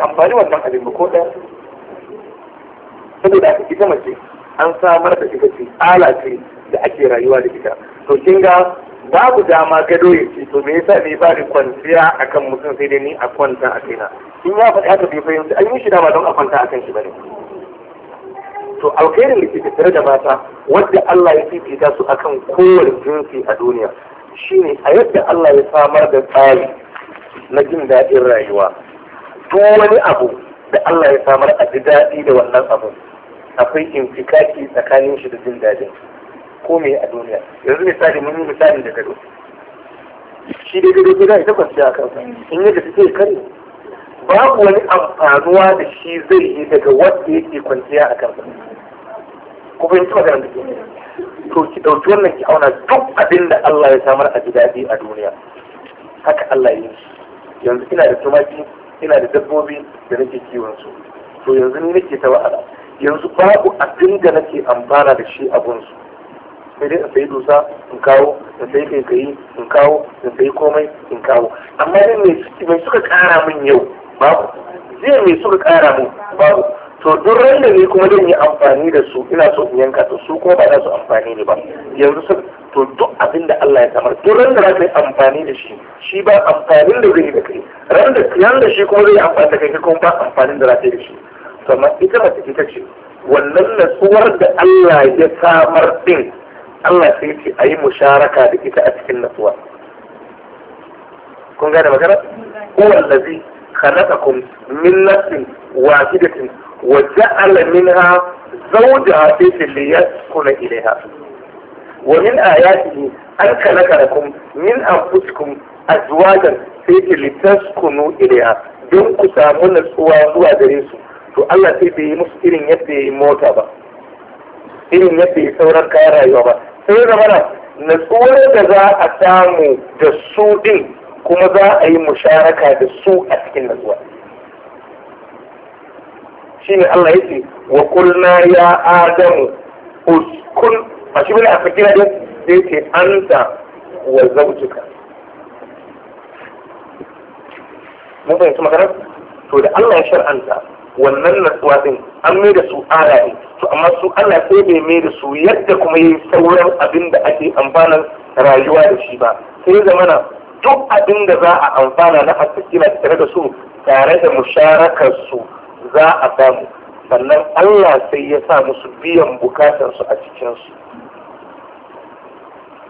amfani wannan abin ba ko ɗaya saboda ita mace an samar da ita ce ala da ake rayuwa da ita to kin ga babu dama gado ya ce to me yasa me ba ni kwanciya akan mutum sai dai ni a kwanta a kaina in ya faɗi haka bai fahimci an yi shi dama don a kwanta a kan shi bane to alkhairin da ke tattare da mata wadda Allah ya fifita su akan kowane jinsi a duniya shine a yadda Allah ya samar da tsari na jin daɗin rayuwa duk wani abu da Allah ya samar a ji daɗi da wannan abu akwai infikaki tsakanin shi da jin daɗin ko me a duniya yanzu misali mun yi misali da gado shi dai gado gida ita kwanciya a kansa in yadda suke kare babu wani amfanuwa da shi zai yi daga wanda yake kwanciya a kansa ko bai ci magana da to ki ɗauki wannan ki auna duk abin da Allah ya samar a ji daɗi a duniya haka Allah ya yi yanzu ina da tumaki ina da dabbobi da nake kiwon su to yanzu ni nake ta wahala yanzu babu abin da nake amfana da shi a gunsu sai dai in sayi dusa in kawo in sayi kaikayi in kawo in sayi komai in kawo amma dai mai suka kara min yau babu zai mai suka kara min babu to duk ran da kuma zan yi amfani da su ina so in yanka to su kuma ba za su amfani ne ba yanzu to duk abin da Allah ya samar duk ran da za ka yi amfani da shi shi ba amfanin da zai da kai ran da yan da shi kuma zai yi amfani da kai kai kuma ba amfanin da za ka yi da shi to amma ita mace ita ce wannan natsuwar da Allah ya samar din Allah sai ce a yi musharaka da ita a cikin natsuwa kun gane magana huwa allazi khalaqakum min nafsin wahidatin wa ja'ala minha zawjaha fi liyaskuna ilayha ومن آياته أن خلق لكم من أنفسكم أزواجا سيتي لتسكنوا إليها don ku samu natsuwa zuwa gare su to Allah sai bai yi musu irin yadda ya yi mota ba irin yadda ya sauran kayan rayuwa ba sai zama na natsuwar da za a samu da su ɗin, kuma za a yi musharaka da su a cikin natsuwa shine Allah ya ce wa kulna ya adamu uskun a shi bane a fakira da sai ce da wa zautuka mun fahimci magana to da Allah ya shar'anta wannan natsuwa din an mai da su aya ne to amma su Allah sai bai mai da su yadda kuma yi sauran abin da ake amfanan rayuwa da shi ba sai zamana duk abin da za a amfana na haska na tare da su tare da musharakar su za a samu sannan Allah sai ya sa musu biyan bukatarsu a cikinsu.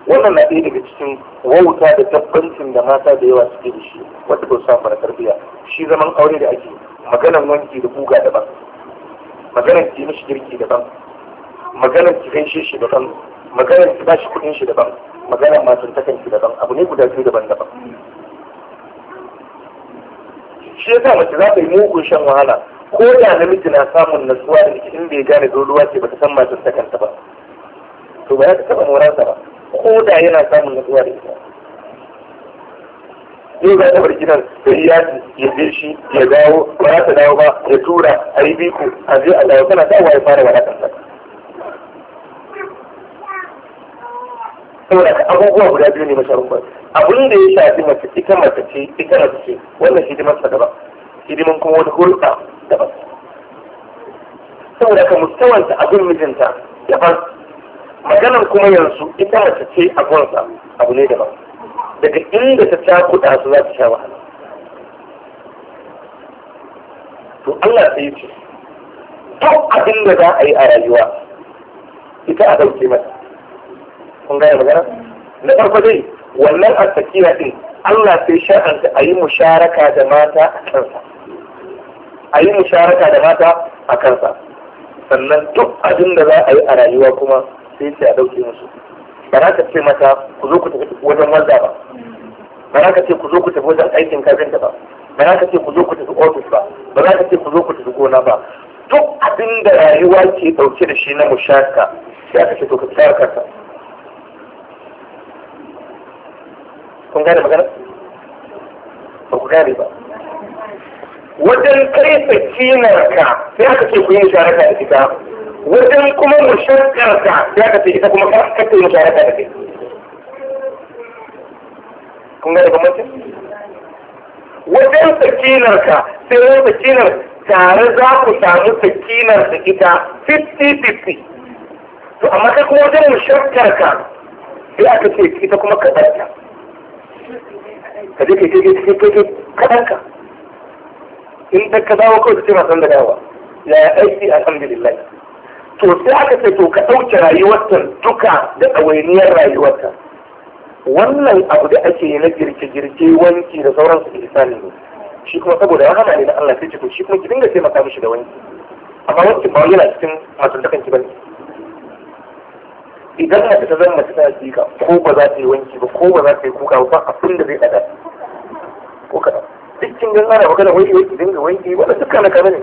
wannan na ɗaya daga cikin wauta da tabbancin da mata da yawa suke da shi wanda ba su samu fara tarbiyya shi zaman aure da ake maganan wanki da guga daban maganan ki mishi girki daban maganan ki gaishe shi daban maganan ki bashi kuɗin shi daban maganan matan takan ki daban abu ne guda biyu daban daban shi yasa mace za ta yi mugun shan wahala ko da namiji na samun nasuwa da in bai gane zo ruwa ce ba ta san matan takanta ba to ba ya ta taɓa moransa ba ko da yana samun nutsuwa da ita zai ga ta barkinan da iyaki ya je shi ya dawo ba za ta dawo ba ya tura a yi biko a je a dawo tana dawowa ya fara wadatar sa saboda ka abubuwa guda biyu ne mashi abubuwa abin da ya shafi mace ita mace ce ita mace ce wannan hidimar sa daban hidimin kuma wata hulɗa daban saboda ka ta abin mijinta ya daban maganar kuma yanzu ita ta ce a gonsa abu ne daban daga inda ta kuɗa su za ta sha wahala to Allah Ta yi ce duk abin da za a yi a rayuwa ita a ɗauke mata kun gaya magana na farko dai wannan asakina din Allah sai sha'anta a yi musharaka da mata a kansa a yi musharaka da mata a kansa sannan duk abin da za a yi a rayuwa kuma sai ce a dauke musu ba za ka ce mata ku zo ku tafi wajen wanda ba ba za ka ce ku zo ku tafi wajen aikin kafinta ba ba za ka ce ku zo ku tafi ofis ba ba za ka ce ku zo ku tafi gona ba duk abin da rayuwa ke dauke da shi na mushaka sai aka ce to ka tsaya kanka kun gane magana ba ku gane ba wajen kai sakinarka sai aka ce ku yi sharaka da ita wajen kuma mushakarta ya ka ce ita kuma karkata yi musharaka da kai kun gane gwamnati wajen sakinarka sai wani sakinar tare za ku samu sakinar da ita 50-50 to amma kai kuma wajen mushakarka sai aka ce ita kuma kaɗarka ka je kai kai kai kai kaɗarka in ta ka dawo kawai ta ce masu da dawa ya aiki alhamdulillah to sai aka ce to ka ɗauke rayuwarta duka da ɗawainiyar rayuwarta wannan abu da ake yi na girke-girke wanki da sauransu da isani ne shi kuma saboda ya hana ne na Allah sai ce to shi kuma ki dinga taimaka mishi da wanki amma wanki ba yana cikin matuntakan ki bane idan mace ta zama mace tana jika ko ba za ta yi wanki ba ko ba za ta yi kuka ba ba abin da zai ɗaga ko kaɗan duk kin gan ana magana wanki wanki dinga wanki wanda dukkan na kaza ne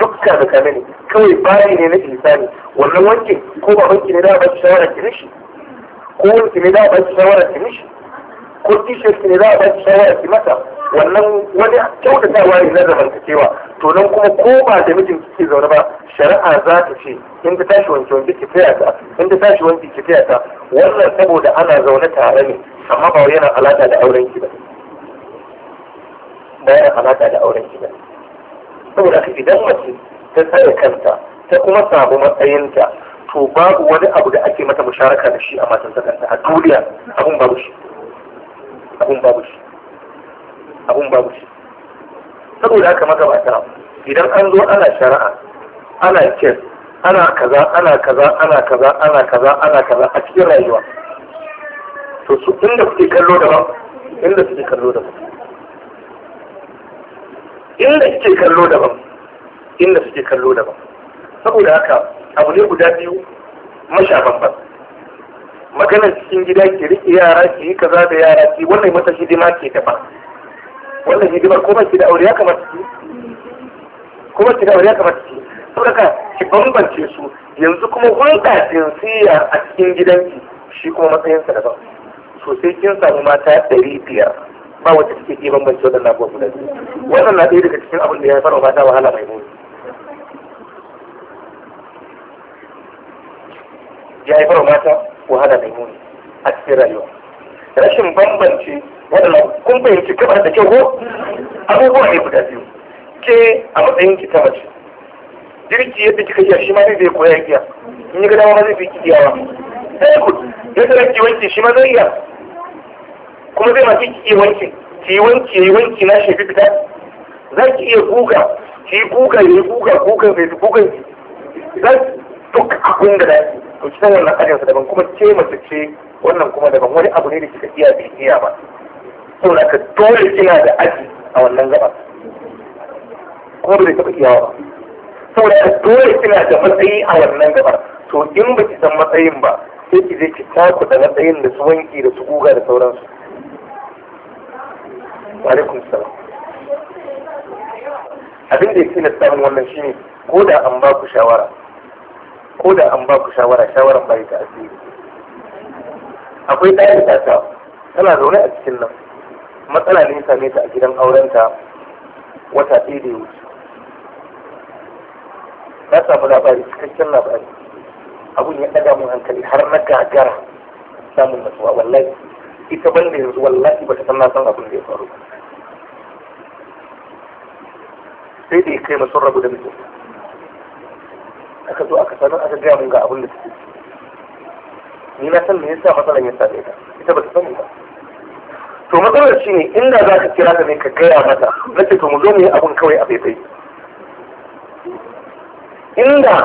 dukkan da kame ne kawai bayi ne na ne, wannan wankin ko ba wanki ne da ba shawara ki mishi ko wanki ne da ba shawara ki mishi ko t-shirt ne da ba shawara ki mata wannan wani kyautatawa ne na zamanta cewa? to nan kuma ko ba da mijin kike zaune ba shari'a za ta ce in ta tashi wanke wanke ki taya ta in ta tashi wanke ki taya ta wannan saboda ana zaune tare ne amma ba yana alaka da auren ki ba ba yana alaka da auren ki ba saboda idan mace ta tsaya kanta ta kuma samu matsayinta to babu wani abu da ake mata musharaka da shi a matan ta kanta a duniya abun babu shi abun babu shi abun babu shi saboda haka magabata idan an zo ana shari'a ana kes ana kaza ana kaza ana kaza ana kaza ana kaza a cikin rayuwa to su inda kuke kallo daban inda suke kallo daban inda suke kallo daban inda suke kallo daban saboda haka abu ne guda biyu masha babban maganar cikin gida ke riƙe yara ke yi kaza da yara ke wannan mata hidima ke daban wannan hidima ko ba ki da aure ya kamata ki ko ba ki da aure ya kamata ki saboda ka ki bambance su yanzu kuma hulɗa jinsiya a cikin gidanki shi kuma matsayinsa daban sosai kin samu mata ɗari biyar ba cikin iman bai bambance na kofi da su wannan na ɗaya daga cikin abin da ya fara mata wahala mai muni ya haifar wa mata wahala mai muni a cikin rayuwa rashin bambance waɗannan kun fahimci kamar da kyau ko abubuwa ne guda biyu ke a matsayin ki ta mace jirgi yadda kika iya shi ma zai koya iya in yi gada ma zai fi kiyawa sai ku yadda kike wanki shi ma zai iya kuma zai mace ki wanki ki wanki yi wanki na shi fita za ki iya kuka ki kuka yi kuka kukan sai kukan ki za duk abin da zaki to ki san wannan ajinsa daban kuma ce mace ce wannan kuma daban wani abu ne da kika iya bai iya ba saboda ka dole kina da aji a wannan gaba kuma bai taɓa iyawa ba saboda ka dole kina da matsayi a wannan gaba to in ba ki san matsayin ba sai ki je ki taku da matsayin da su wanki da su kuka da sauransu وعليكم السلام abin da ya tilasta min wannan shine ko da an ba ku shawara ko da an ba ku shawara shawaran bai ta asiri akwai ɗaya da ta tana zaune a cikin nan matsala ne same ta a gidan aurenta wata ɗaya da ya wuce na samu labari cikakken labari abun ya ɗaga mun hankali har na gagara samun nasuwa wallahi ita ban da yanzu wallahi ba ta san na san abin da ya faru sai da ya kai masu rabu da mutu aka zo aka sanar aka gaya mun ga abin da take ni na san me yasa matsalar ya same ta ita ba ta sani ba to matsalar shi ne inda za ka kira ta ne ka gaya mata na ce to mu zo mu yi abin kawai a faifai inda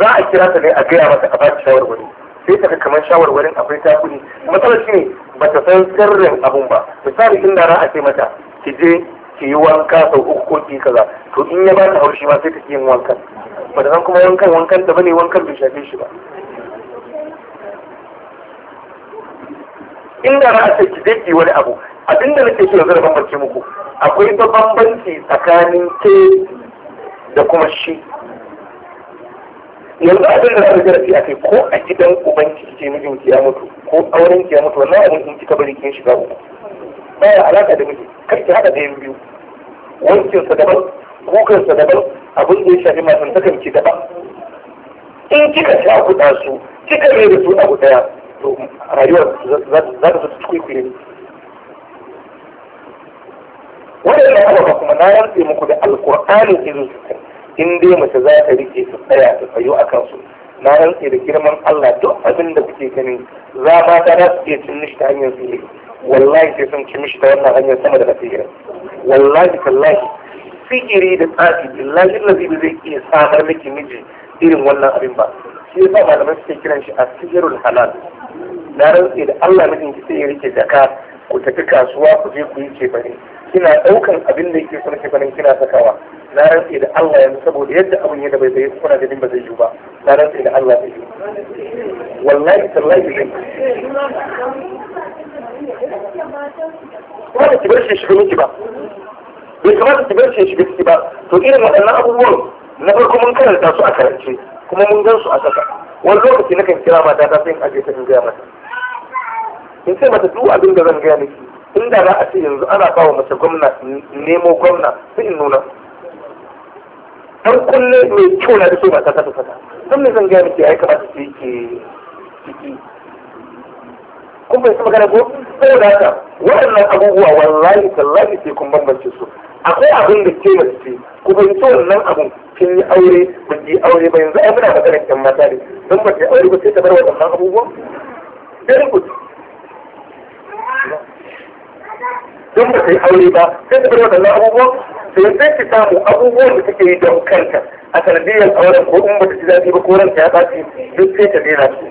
za a kira ta ne a gaya mata a ba ta shawarwari sai ta kamar shawarwarin akwai kudi matsalar shi ne ba ta san sirrin abun ba misali in da a ce mata ki je ki yi wanka sau uku ko ki kaza to in ya ba ta haushi ma sai ta yin wankan ba ta san kuma wankan wankan da bane wankan bai shafe shi ba in da a ce ki je ki wani abu abinda nake so yanzu da bambance muku akwai bambanci tsakanin ke da kuma shi yanzu abin da zaka jira a kai ko a gidan ubanki kike mijinki ya mutu ko auren ki ya mutu wannan abin in kika bari kin shiga uku baya alaka da miji kai ki hada ɗayan biyu wankin sa daban kukan sa daban abin da ya shafi matan takan ki daban in kika sha kuɗa su kika rai da su abu daya to rayuwar za ta zata cikin kure waɗannan abubuwa kuma na rantse muku da alƙur'ani irin su kai in dai mace za ta rike su tsaya ta tsayo a kansu na rantse da girman Allah duk abin da kuke ganin za ma ta za su iya cin mishi ta hanyar tsire wallahi sai sun ci mishi ta wannan hanyar sama da tsire wallahi tallahi sigiri da tsafi billahi lazi ba zai iya samar miki miji irin wannan abin ba shi sa malamai suke kiran shi a sihirul halal na rantse da Allah mijin ki sai ya rike jaka ku tafi kasuwa ku je ku yi cefane kina ɗaukan abin da yake son cefanen kina sakawa na rantse da Allah yanzu saboda yadda abin ya da bai bai kuna ganin ba zai yi ba na rantse da Allah zai yi wallahi tallahi zai kuma da kibar shi shiga miki ba bai kamata kibar shi shiga miki ba to irin waɗannan abubuwan na farko mun karanta su a karance kuma mun gan su a saka wani lokaci nakan kira mata ta sai in aje ta in gaya mata in sai mata duk abin da zan gaya miki inda za a ce yanzu ana ba wa mace gwamna nemo gwamna sai in nuna har kulle mai kyau na da so ba ta ta fata don mai zanga gaya ya yi kamata ki ke ciki kun bai magana ko saboda haka waɗannan abubuwa wallahi tallahi sai kun bambance su akwai abin da ke mace ce ku fahimci wannan abin kin yi aure ba ki aure ba yanzu ai muna magana kan mata ne don ba ta aure ba sai ta bar waɗannan abubuwa very good don ba ta yi aure ba sai ta na abubuwan sai sai ki samu abubuwan da take yi don kanta a sanadiyar auren ko in ba ta ji daɗi ba ko ranta ya ɓaci duk sai ta daina su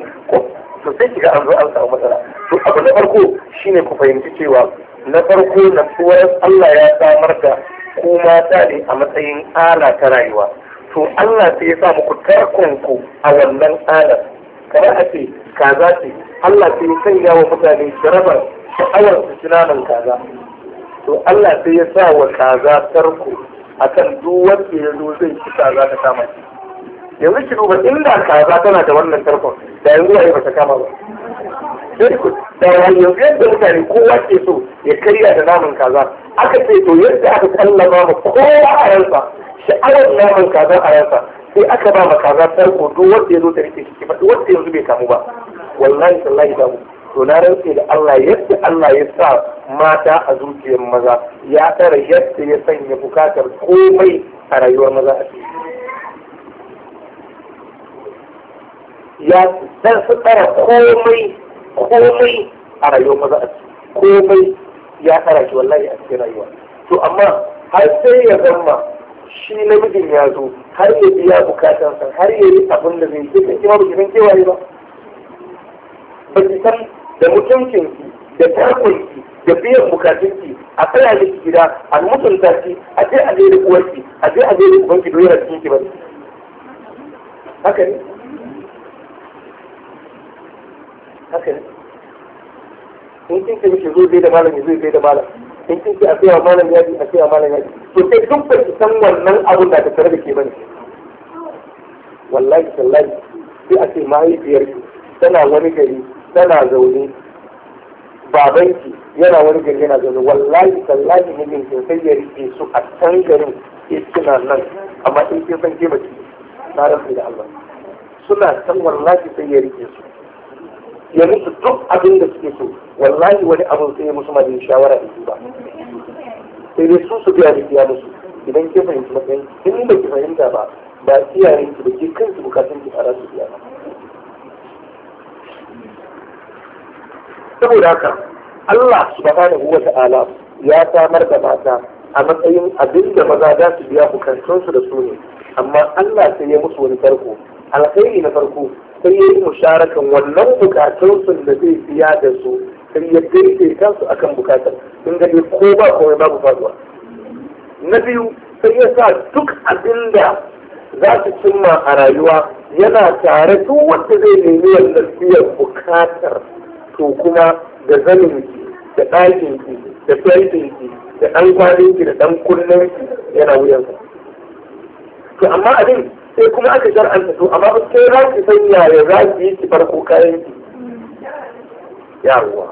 to sai ki ga an zo an samu matsala to abu na farko shine ku fahimci cewa na farko natsuwar Allah ya samar da ku mata ne a matsayin ala ta rayuwa to Allah sai ya sa muku tarkonku a wannan alar kamar a ce kaza ce Allah sai ya sanya wa mutane jarabar sha'awar su kaza to Allah sai ya sa wa kaza tarko akan duk wanda ya zo zai ci kaza ta kama shi yanzu ki duba inda kaza tana da wannan tarkon da yanzu ba ba ta kama ba da yanzu yadda mutane kowa ke so ya karya da naman kaza aka ce to yadda aka tallama ma kowa a yansa sha'awar naman kaza a yansa sai aka ba ma kaza tarko duk wanda ya zo ta rike shi ba duk wanda yanzu bai kamu ba wallahi sallahi da mu to na rantse da Allah yadda Allah ya sa mata a zuciyar maza ya tsara yadda ya sanya bukatar komai a rayuwar maza a ya dan su tsara komai komai a rayuwar maza a komai ya tsara shi wallahi a cikin rayuwa to amma har sai ya zama shi namijin ya zo har ya biya bukatansa har ya yi abin da zai yi duk da kima ba ki san kewaye ba ba san da mutuncinki da takunki da biyan bukatunki a tsaya miki gida a mutunta ki a je a zai uwarki a je a zai ubanki doyar a cikin ki ba haka ne haka ne in kin kai miki zo zai da malam ya zai da malam in kin kai a tsaya malam ya ji a tsaya malam ya ji to sai duk ba ki san wannan abun da ta tare da ke bane wallahi tallahi sai a ce mahaifiyarki tana wani gari tana zaune babanki yana wani gari yana zaune wallahi tallahi ne mai sai ya rike su a can garin iskina nan amma in kin san kima ki na rasu da Allah suna san wallahi sai ya rike su ya musu duk abin da suke so wallahi wani abin sai ya musu ma shawara da su ba sai dai su su biya da musu idan kin fahimci matsayin in ba ki fahimta ba ba iyayen ki da ke kanki bukatun ki a rasu biya ba saboda haka Allah subhanahu wa ta'ala ya samar da mata a matsayin abin da maza za su biya bukatunsu da su ne amma Allah sai ya musu wani farko alkhairi na farko sai ya yi musharakan wannan bukatunsu da zai biya da su sai ya gaike kansu akan bukatar in ga ko ba komai babu faduwa na biyu sai ya sa duk abin da za su cimma a rayuwa yana tare duk wanda zai nemi wannan biyan bukatar to kuma da zaninki da ɗakinki da sarkinki da ɗan da ɗan kunnenki yana ku. to amma abin sai kuma aka shar'anta to amma ba sai za ki san yaya za ki yi ki farko kayan ki yawwa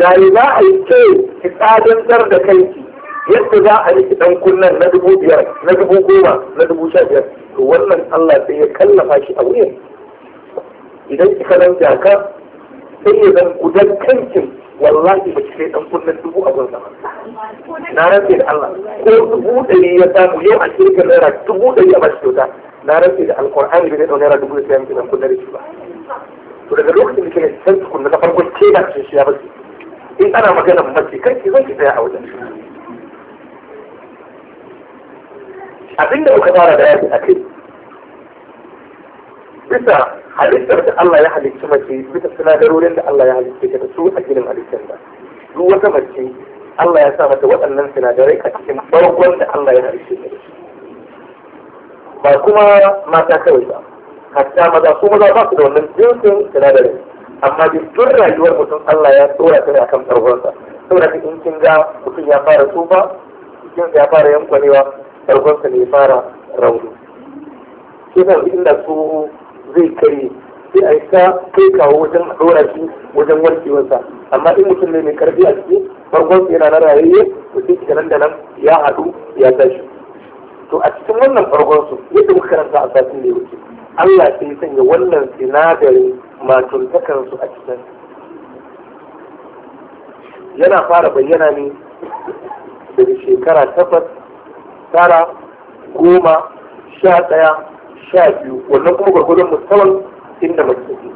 yaya za a yi ke ki tsadantar da kanki yadda za a yi ki ɗan kunnen na dubu biyar na dubu goma na dubu sha biyar to wannan Allah sai ya kallafa shi a wuyan idan kika nan jaka sai ya zan gudan kankin wallahi ba ki kai dan kullun dubu a gurin na rantsi da Allah ko dubu ɗari ya samu yau a shirka naira dubu ɗari a bashi kyauta na rantsi da alkur'ani bai ɗau naira dubu da sai yanki dan kullun da shi ba to daga lokacin da kike san tukunna na farko ke da shi shi ya bace in ana magana mace kai ki zan ki tsaya a wajen abinda muka fara da yaki a kai bisa halittar da Allah ya halicci mace bisa sinadarorin da Allah ya halicce ta su a ginin halittar da duk wata mace Allah ya sa mata waɗannan sinadarai a cikin bargon da Allah ya halicce ta ba kuma mata kawai ba hatta maza su maza ba su da wannan jinsin sinadarin amma duk rayuwar mutum Allah ya tsora ta akan bargonsa saboda in kin ga mutum ya fara tsufa jikin ya fara yankwanewa bargonsa ne ya fara rauni shi kan inda su zai kare sai a isa kai kawo wajen ɗora shi wajen warkewarsa amma in mutum ne mai karfi a ciki farkon su yana na rayayye to sai nan da nan ya haɗu ya tashi to a cikin wannan farkon su yadda muka karanta a satin da ya wuce Allah sai ya sanya wannan sinadarin matuntakar su a cikin yana fara bayyana ne daga shekara takwas tara goma sha ɗaya sha biyu wannan kuma gwargwadon musamman inda mace ke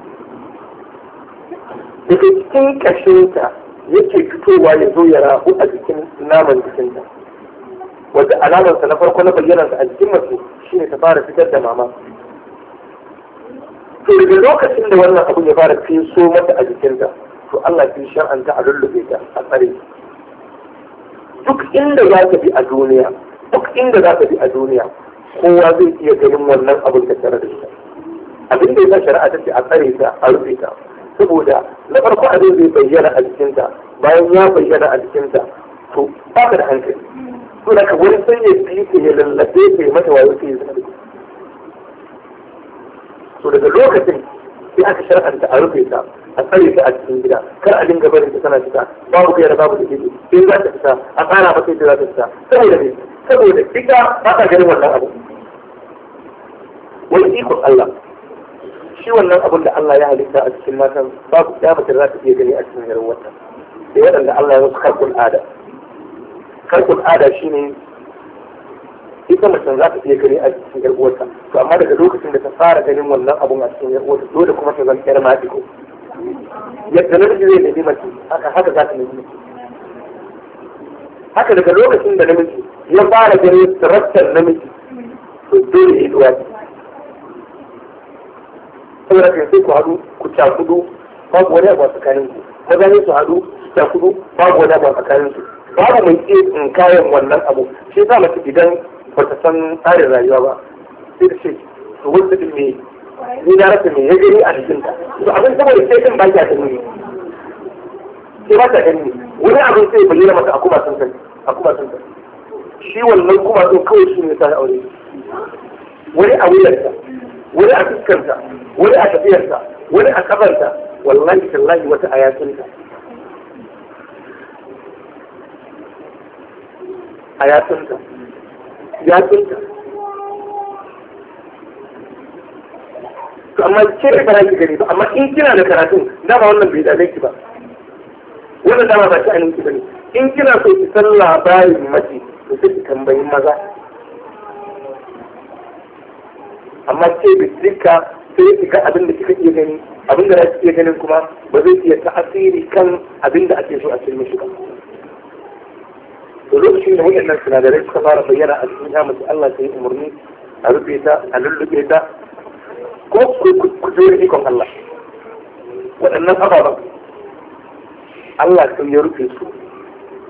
daga cikin kashinta yake fitowa ya zo ya rahu a jikin naman jikinta wanda alamansa na farko na bayyanarsa a jikin mace shine ta fara fitar da mama to daga lokacin da wannan abu ya fara fiso mata a jikinta to Allah fi shar'anta a lullube ta a tsare duk inda za ta bi a duniya duk inda za ta bi a duniya kowa zai iya ganin wannan abin da tare da ita abin da yasa shari'a ta ce a tsare ta a rufe ta saboda na farko abin zai bayyana a jikinta bayan ya bayyana a jikinta to ba ta da hankali to daga wani sai ya bi ta ya lallabe ta ya mata wayo ta ya zama to daga lokacin sai aka shar'anta a rufe ta a tsare ta a cikin gida kar a dinga barin ta tana fita babu kai da babu da kike sai za ta fita a tsara mata sai za ta fita saboda ne saboda ita ba ta ganin wannan abu wai ikon Allah shi wannan abin da Allah ya halitta a cikin matan babu ya mace za ta iya gani a cikin yarin wata sai waɗanda Allah ya musu karkun ada karkun ada shi ne ita mace za ta iya gani a cikin yar uwarta to amma daga lokacin da ta fara ganin wannan abun a cikin yar uwarta dole kuma ta zama yar matiko yadda namiji zai nemi mace haka haka za ta nemi mace haka daga lokacin da namiji ya fara ganin taraktar namiji to dole ya yi duwatsu saboda kai sai ku haɗu ku cakudu babu wani abu a tsakanin ku maza ne su haɗu su cakudu babu wani abu a tsakanin su babu mai iya kayan wannan abu shi yasa mace idan ba ta san tsarin rayuwa ba sai ta ce to wasu ɗin me ni na rasa me ya gani a jikinta to abin saboda sai ɗin ba ki a ne sai ba ta gani wani abin sai bayyana mata a kuma sun sani a kuma sun sani shi wannan kuma sun kawai shi ne sa aure wani abu yarda wani a fuskarta wani a tafiyarta wani a kafarta wallahi tallahi wata a yatsunta a yatsunta yatsunta to amma ce da karatu gari ba amma in kina da karatun ba wannan bai dame ki ba wannan dama ba ta ainihin ki bane in kina so ki san labarin mace to sai ki tambayi maza amma ce bisinka sai ki ga abin da kika iya gani abin da za ki iya ganin kuma ba zai iya ta'asiri kan abin da ake so a cikin mishi ba to lokacin da waɗannan sinadarai suka fara bayyana a cikin ya mace Allah ta yi umarni a rufe ta a lullube ta ko ku jure ikon Allah waɗannan ababen Allah sun ya rufe su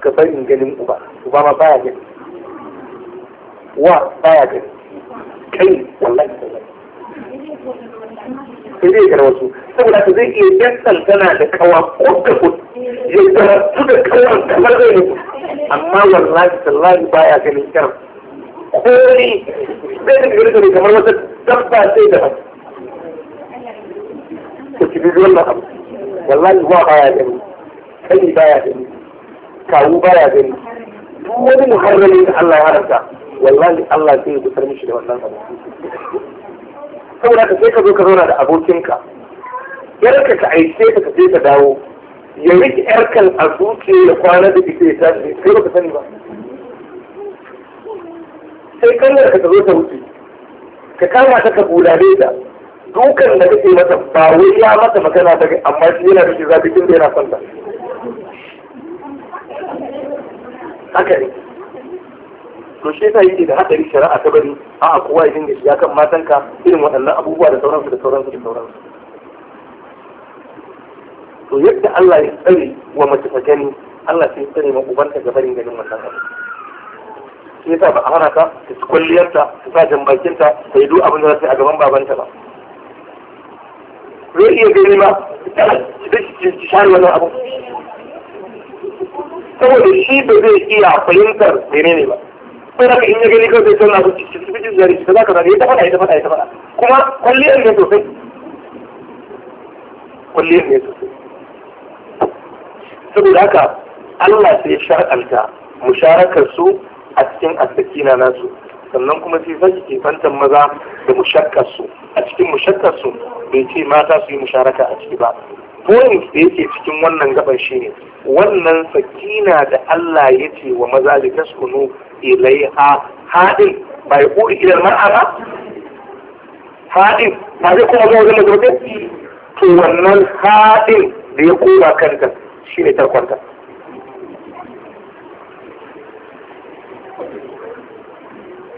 ka barin ganin uba uba ma baya gani wa baya gani kai wallahi sai zai gara wasu saboda ka zai iya jasal tana da kawa ko da ku ya garatu da kawan kamar zai ne amma wallahi tallahi baya ganin kyan kori zai da gari gari kamar wata dabba sai da ku ci biyu wannan abu wallahi wa baya gani kai baya gani kawu baya gani duk wani muharramin da Allah ya haramta wallahi Allah zai gusar mishi da wannan abu saboda ka sai ka zo ka zauna da abokinka yarka ka aice ka ka je ka dawo ya rike yarkan a zuciya ya kwana da ita ya tashi kai ka sani ba sai kanyar ka zo ta wuce ka kama ta ka bulale ta dukan da kake mata ba wai ya mata magana ta amma shi yana da shi zafi tun da yana son ta haka ne to shi yasa yake da hadari shari'a ta bari a kowa ya dinga shiga kan matanka irin waɗannan abubuwa da sauransu da sauransu da sauransu to yadda Allah ya tsare wa mace ta gani Allah sai tsare ma ubanta ga barin ganin wannan abu shi yasa ba a hana ta ta ci kwalliyarta ta sa jan bakinta ta yi duk abin da za ta yi a gaban babanta ba zai iya gani ba da shi shari wannan abu saboda shi ba zai iya fahimtar menene ba sai haka in ya gani kawai zai tona abinci cikin cikin zari ta za ka zaga ita fada ita fada ita fada kuma kwalliyar ne sosai kwalliyar ne sosai saboda haka Allah sai ya shar'anta musharakar su a cikin asakina nasu sannan kuma sai zaki ke fantan maza da mushakkar su a cikin mushakkar su bai ce mata su yi musharaka a ciki ba point da yake cikin wannan gaban shi ne, wannan sakina da Allah ya ce wa maza da taskunu ilaiha haɗin ba ya ƙuri ilar mar'a ba haɗin ba zai kuma zuwa wajen mazurbe to wannan haɗin da ya koma kanta shi ne tarkonta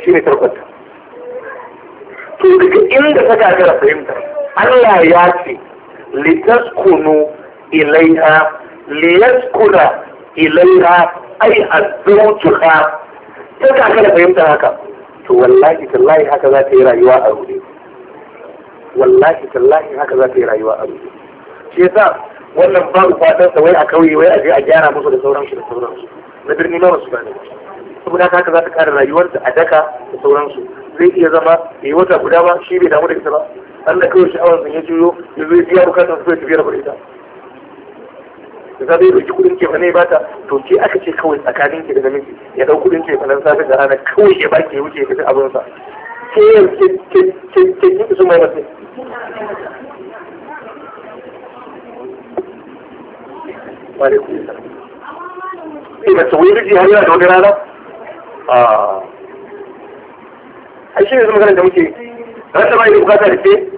shi ne tarkonta to daga inda ta gagara fahimta Allah ya ce litaskunu ilaiha liyaskuna ilaiha ay addu'tuha sai ka kana fahimta haka to wallahi tallahi haka za ta yi rayuwa a rude wallahi tallahi haka za ta yi rayuwa a rude shi yasa wannan babu fatan sa wai a kauye wai a je a gyara musu da sauransu da sauransu na birni ma su gane saboda haka za ta kare rayuwarta a daka da sauransu zai iya zama yi wata guda ba shi bai damu da ita ba Allah kawai sha'awar sun ya juyo yanzu ya biya bukatar su ya tafiya da ita da safe ya ɗauki kuɗin kefa ne ta, to ke aka ce kawai tsakanin ke da namiji ya ɗau kuɗin kefa nan safe da rana kawai ya baki ya wuce ya tafi abinsa ke yanzu ke ke ke ke su mai mace Eh mace wai miji har yana da wani rana? Ah. Ai shi ne zama da muke. Rasa ba ya bukata da ke?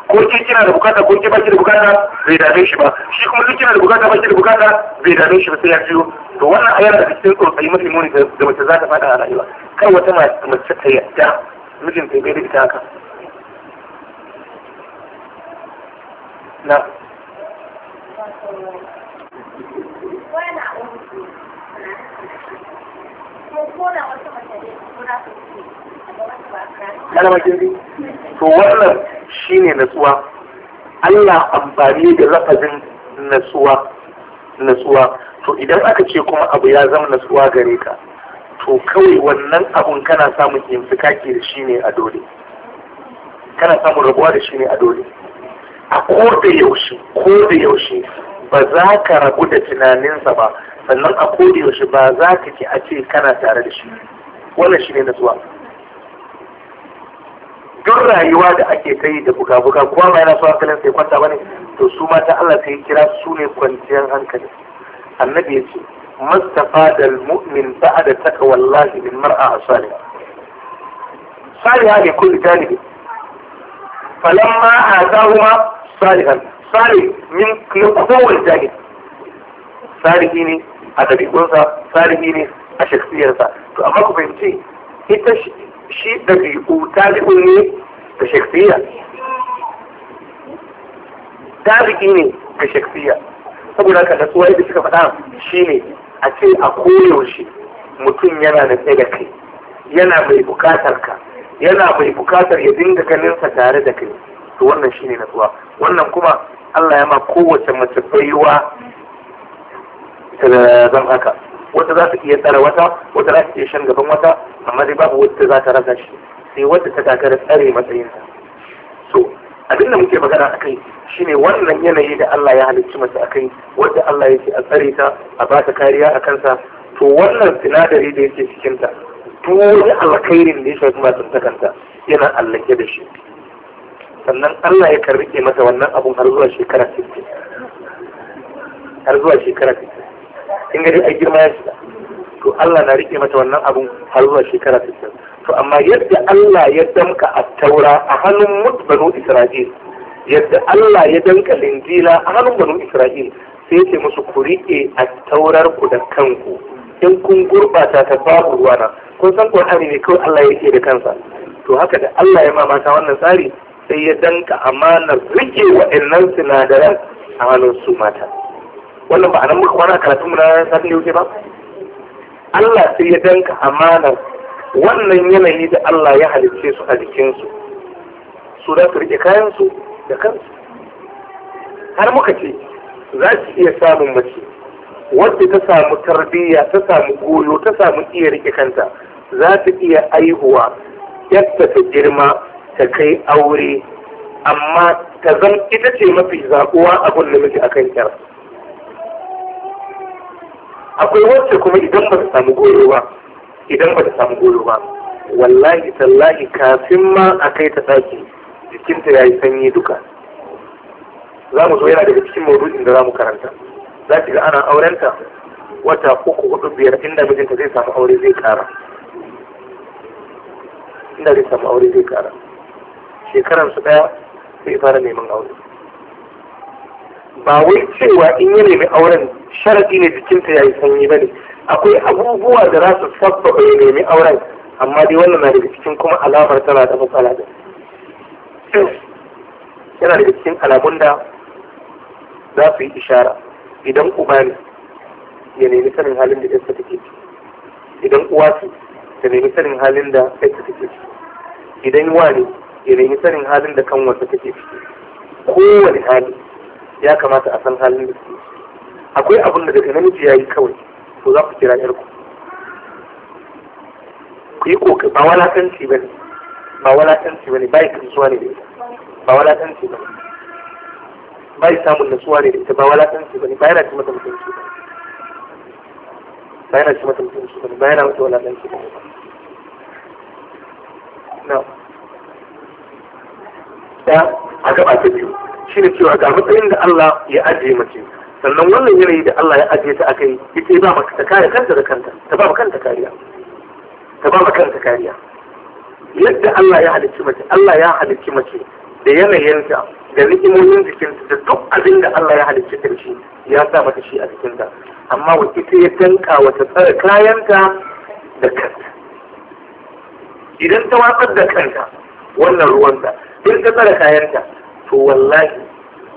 ko ke kina da bukata ko ke baki da bukata bai dame shi ba shi kuma duk kina da bukata baki da bukata bai dame shi ba sai ya ciwo to wannan ayar da cikin tsotsayi mafi muni da mace za ta fada a rayuwa kai wata mace ta yadda mijin ta bai da ita haka na ko da wata kalama kin to wannan shine natsuwa Allah amfani da lafazin natsuwa natsuwa to idan aka ce kuma abu ya zama natsuwa gare ka to kawai wannan abun kana samun imsikaki da shi ne a dole kana samun rabuwa da shi ne a dole a ko da yaushe ko da yaushe ba za ka rabu da tunaninsa ba sannan a ko da yaushe ba za ka ki a ce kana tare da shi wannan shi ne natsuwa duk rayuwa da ake ta yi da buga-buga kuwa ma yana so hankalin sai kwanta bane to su ma ta Allah sai kira su ne kwanciyar hankali annabi ya ce mustafa da mu'min ba'da taqwallahi min mar'a asaliha saliha ne kulli talibi falamma atahuma salihan salih min kowane jahil salihi ne a dabi'unsa salihi ne a shakhsiyarsa to amma ku fahimci ita shi ɗabi'u tarihi ne ga shakfiya ne ga shakfiya saboda ka tatsuwa yadda suka faɗa shi ne a ce a koyaushe mutum yana da tsaye da kai yana mai bukatar ka yana mai bukatar ya dinga ganinsa tare da kai to wannan shi na natsuwa wannan kuma Allah ya ma kowace mace baiwa ta zan haka wata za ta iya tsara wata wata za ta iya shan gaban wata amma dai babu wata za ta rasa shi sai wata ta da tsare matsayinta so abin da muke magana a kai shine wannan yanayi da Allah ya halicci masa a kai wadda Allah ya ce a tsare ta a ba ta kariya a kansa to wannan sinadari da yake ta to wani alkhairin da ya shafi masu takanta yana allake da shi sannan Allah ya karrike mata wannan abun har zuwa shekara 60 har zuwa shekara 60 in ga a girma ya shiga to Allah na rike mata wannan abun har zuwa shekara ta to amma yadda Allah ya damka a taura a hannun mutbanu Isra'il yadda Allah ya damka linjila a hannun banu Isra'il sai yake musu ku riƙe a taurar ku da kanku in kun gurbata ta babu ruwana kun san Qur'ani ne kawai Allah yake da kansa to haka da Allah ya mamata wannan tsari sai ya danka amanar rike wa'annan sinadaran a hannun su mata wannan ba a nan muka kwana karatun mu na satin da wuce ba Allah sai ya danka amana wannan yanayi da Allah ya halicce su a jikinsu su da su rike kayansu da kansu har muka ce za su iya samun mace wadda ta samu tarbiyya ta samu goyo ta samu iya rike kanta za ta iya aihuwa yadda ta girma ta kai aure amma ta zan ita ce mafi zaƙuwa abin da muke akan kyar akwai wacce kuma idan ba ta samu goyo ba idan ba ta samu goyo ba wallahi tallahi kafin ma a kai ta tsaki jikinta ya yi sanyi duka za mu zo yana daga cikin maudu'in da za mu karanta za ki ga ana aurenta wata uku hudu biyar inda mijinta zai samu aure zai kara inda zai samu aure zai kara shekaransu daya sai fara neman aure ba wai cewa in ya nemi auren sharadi ne jikinta ya yi sanyi ba ne akwai abubuwa da za su sabbaba ya nemi auren amma dai wannan na daga cikin kuma alamar tana da matsala da yana daga cikin alamun da za su yi ishara idan uba ne ya nemi sanin halin da yarsa take ciki idan uwa ce ta nemi sanin halin da yarsa take ciki idan wa ne ya nemi sanin halin da kanwarsa take ciki kowane hali ya kamata a san halin da suke akwai abin da daga namiji ya yi kawai to za ku kira yarku ku yi kokari ba walakanci ba ne ba walakanci ba ne ba kasuwa ne da ita ba walakanci ba ne ba yi samun nasuwa ne da ita ba walakanci ba ne ba yana ci mata mutunci ba ba yana ci mata mutunci ba ne ba yana mata walakanci ba ne Ya a gaba ta biyu shine cewa ga matsayin da Allah ya ajiye mace sannan wannan yanayi da Allah ya ajiye ta akai ita ba maka ta kare kanta da kanta ta ba kanta kariya ta ba kanta kariya yadda Allah ya halicci mace Allah ya halicci mace da yanayinta da ni'imomin jikinta da duk abin da Allah ya halicci ta shi ya sa mata shi a jikinta amma wa ita ya tanka wata tsare kayanta da kanta idan ta watsar da kanta wannan ruwanta in ta tsare kayanta to wallahi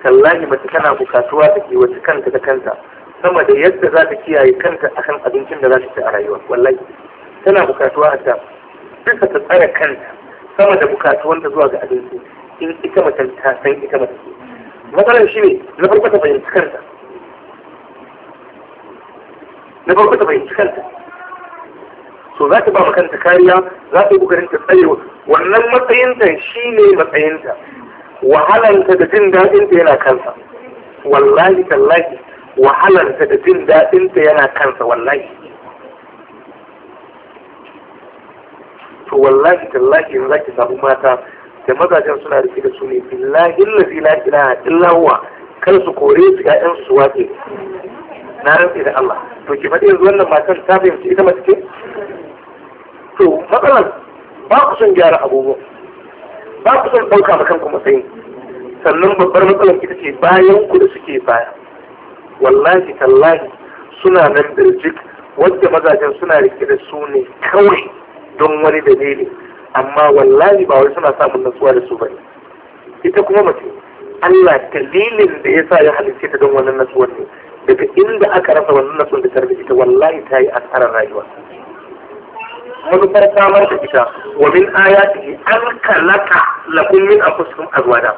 tallahi mace kana bukatuwa ta wace kanta da kanta sama da yadda za ta kiyaye kanta akan abincin da za ta ci a rayuwa wallahi tana bukatuwa a ta duka ta tsara kanta sama da bukatuwanta zuwa ga abinci in ita mace ta san ita mace matsalar shi ne na farko ta fahimci kanta na farko ta fahimci kanta so za ta ba kanta kariya za ta yi kokarin ta tsaye wannan matsayinta shi ne matsayinta wahalanta da jin daɗin ta yana kansa wallahi tallahi wahalanta da jin daɗin ta yana kansa wallahi to wallahi tallahi yanzu zaki samu mata da mazajen suna rike da su ne billahi lafi la ilaha illa huwa kar su kore su ƴaƴan su wace na rantsi da Allah to ki faɗi yanzu wannan matan ta fahimci ita mace ce to matsalar ba ku son gyara abubuwa. ba ku zan ɗauka ma kanku matsayin sannan babbar matsalar ita ce bayan ku da suke baya wallahi tallahi suna nan birjik wadda mazajen suna rike da su ne kawai don wani dalili amma wallahi ba wai suna samun natsuwa da su bane ita kuma mace Allah dalilin da ya sa ya halitta ta don wannan natsuwar ne daga inda aka rasa wannan natsuwar da ta ita wallahi ta yi asarar rayuwa Wani manufar samar da ita wa min ayatihi an kalaka lakum min anfusikum azwaja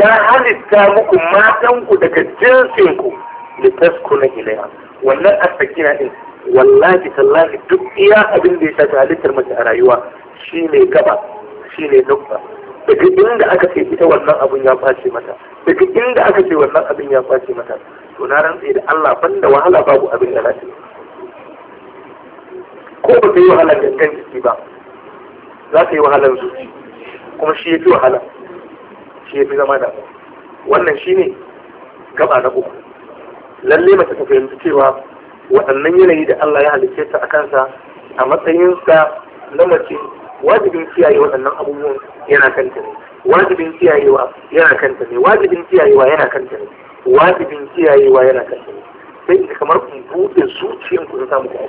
ya halitta muku matan ku daga jinsin ku litaskuna ilaiha wannan asakina din wallahi tallahi duk iya abin da ya shafi halittar mace a rayuwa shine gaba shine nukba daga inda aka ce ita wannan abin ya face mata daga inda aka ce wannan abin ya face mata to na rantse da Allah banda wahala babu abin da na ce ko ba ta yi wahala gangan jiki ba za ta yi wahalar zuci kuma shi ya fi wahala shi ya fi zama da wannan shi ne gaba na uku lalle mace ta fahimci cewa waɗannan yanayi da Allah ya halicce ta a kansa a matsayinsa na mace wajibin kiyaye waɗannan abubuwan yana kanta ne wajibin kiyayewa yana kanta ne wajibin kiyayewa yana kanta ne wajibin kiyayewa yana kanta ne sai kamar in buɗe zuciyar ku ta samu ku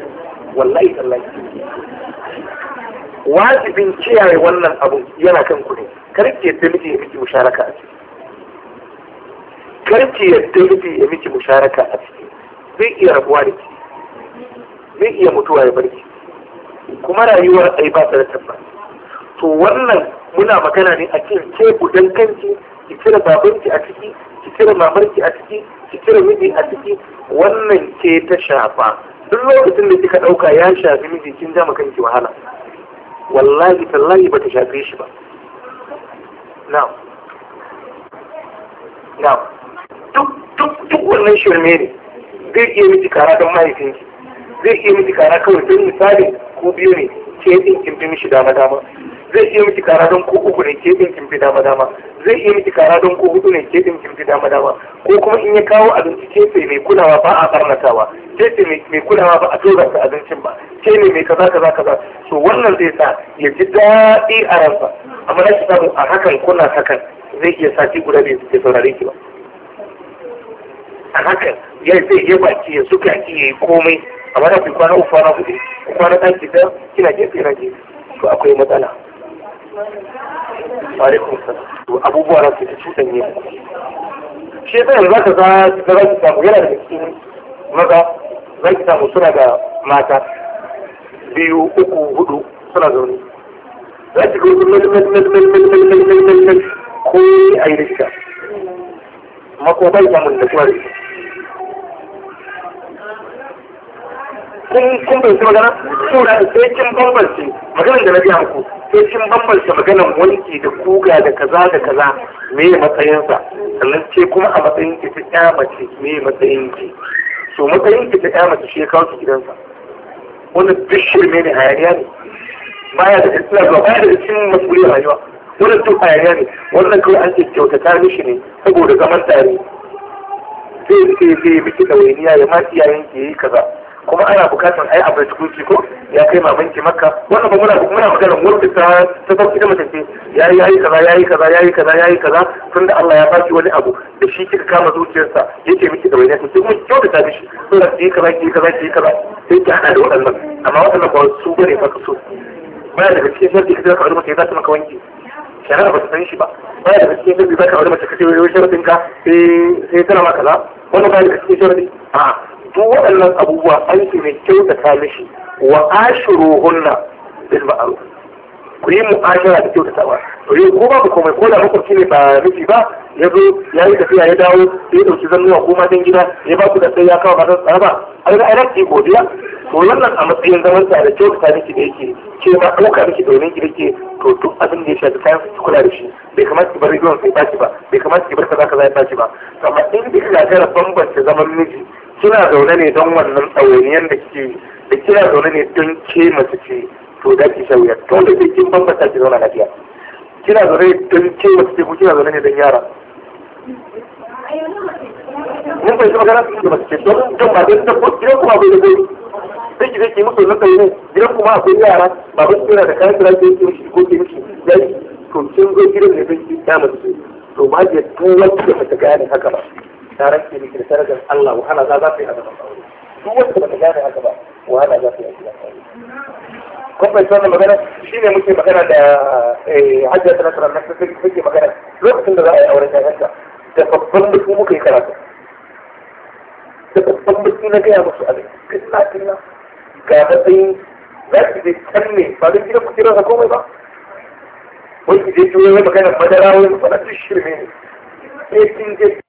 wallahi tallahi wajibin kiyaye wannan abu yana kan ku ne karke yadda miji ya miki musharaka a ciki karke yadda miji ya miki musharaka a ciki zai iya rabuwa da ke zai iya mutuwa ya barki kuma rayuwar ai ba ta da tabbas to wannan muna magana ne a cikin ke budan kanki ki cire babanki a ciki ki cire mamarki a ciki ki cire miji a ciki wannan ke ta shafa duk lokacin da kika ɗauka ya shafi miji kin ja kanki wahala wallahi tallahi bata shafe shi ba now now duk wannan shirme ne zai iya miki kara don mahaifinki zai iya miki kara kawai don misali ko biyu ne ke din kin fi mishi dama dama zai iya miki kara don ko uku ne ke din kin fi dama dama zai iya miki kara don ko hudu ne ke din kin fi dama dama ko kuma in ya kawo abinci ce mai kulawa ba a ke ce mai kulawa ba a tura ta abincin ba ke ne mai kaza kaza kaza so wannan zai sa ya ji daɗi a ransa amma na shi samu a hakan kuna hakan zai iya sati guda bai saurare ki ba a hakan ya zai ya baki ya suka ki ya yi komai amma na fi kwana uku kwana hudu kwana ɗaki ɗaya kina gefe na gefe to akwai matsala alaikum to abubuwa na su cutan ne shi yasa yanzu zaka za ka za ki samu yana da cikin maza za ki samu suna da mata biyu uku hudu suna zaune za ki ga wasu mil mil mil mil mil mil mil mil mil mil ko a yi rikta makobai samun da kuma rikta kun kun bai magana saboda sai kin bambance maganar da na biya muku sai kin bambanta maganan wanki da kuga da kaza da kaza me ya matsayinsa sannan ce kuma a matsayin ki ta ya mace me ya matsayin ki so matsayin ki ta ya mace shi ya kawo ki gidansa wannan duk shirme ne hayaniya ne baya da islam ba baya da cin masuliyar rayuwa wannan duk hayaniya ne wannan kawai an ce kyautata mishi ne saboda zaman tare zai ce zai miki ɗawainiya ya ma iyayen ki yi kaza kuma ana bukatar ai abu da tukunci ko ya kai mamanki makka wannan ba muna muna magana wurin ta ta sauki da mace ya yi yayi kaza yayi kaza yayi kaza yayi kaza tunda Allah ya baki wani abu da shi kika kama zuciyarsa yake miki da wani kuma kyau da tafi shi to da ki kaza ki kaza ki kaza sai ki hada da waɗannan amma waɗannan ba su bane fa su ba daga cikin sharri kaza ka rubuta za ta maka wanki shari'a ba ta san shi ba ba daga cikin sharri za ka rubuta ka ce wai sharadin ka sai sai tana maka kaza wannan ba daga cikin sharri a'a duk waɗannan abubuwa aiki mai da kamishi wa ashiru hunna bil ma'ruf ku yi mu'ashara da kyautatawa to yi ko babu komai ko da makwabci ne ba miji ba ya zo ya yi tafiya ya dawo ya ɗauki zannuwa ko ma gida ya ba ku da sai ya kawo zan tsara ba ai na ainihin ki godiya to wannan a matsayin zaman da da miki da yake ke ma ɗauka miki domin ki ke? to duk abin da ya shafi kayan su kula da shi bai kamata ki bar rigiyar sai ba ki ba bai kamata ki bar kaza kaza ya ba ki ba amma in ga gara bambance zaman miji kina zaune ne don wannan ɗawainiyar da ke da kina zaune ne don ke mace ce to da ki shawuyar to da ke kin bambanta ki zauna lafiya kina zaune don ke mace ce ko kina zaune ne don yara mun fahimci magana su ke mace ce don don ba don dabbo gidan kuma akwai dabbo sai ki zai ki musu na tsaye gidan kuma akwai yara ba ba su yana da kayan tsira ke mishi ko ke mishi ya yi to kin zo gidan ne don ki ya mace to ba ya tuwon da ba ta gane haka ba na ranke miki da darajar Allah wahala za za ta yi a gaban aure duk wanda ba ta gane haka ba wahala za ta yi a gaban aure kun bai tsawon magana shi ne muke magana da hajjar ta nasarar nasarar da suke magana lokacin da za a yi auren yayanta da babban mutu muka yi karatu da babban mutu na gaya musu abin killa killa ga matsayin za ki je can ne ba zai gida ku kira sa komai ba wai ki je juyo magana madara wani fana duk shirme ne sai kin je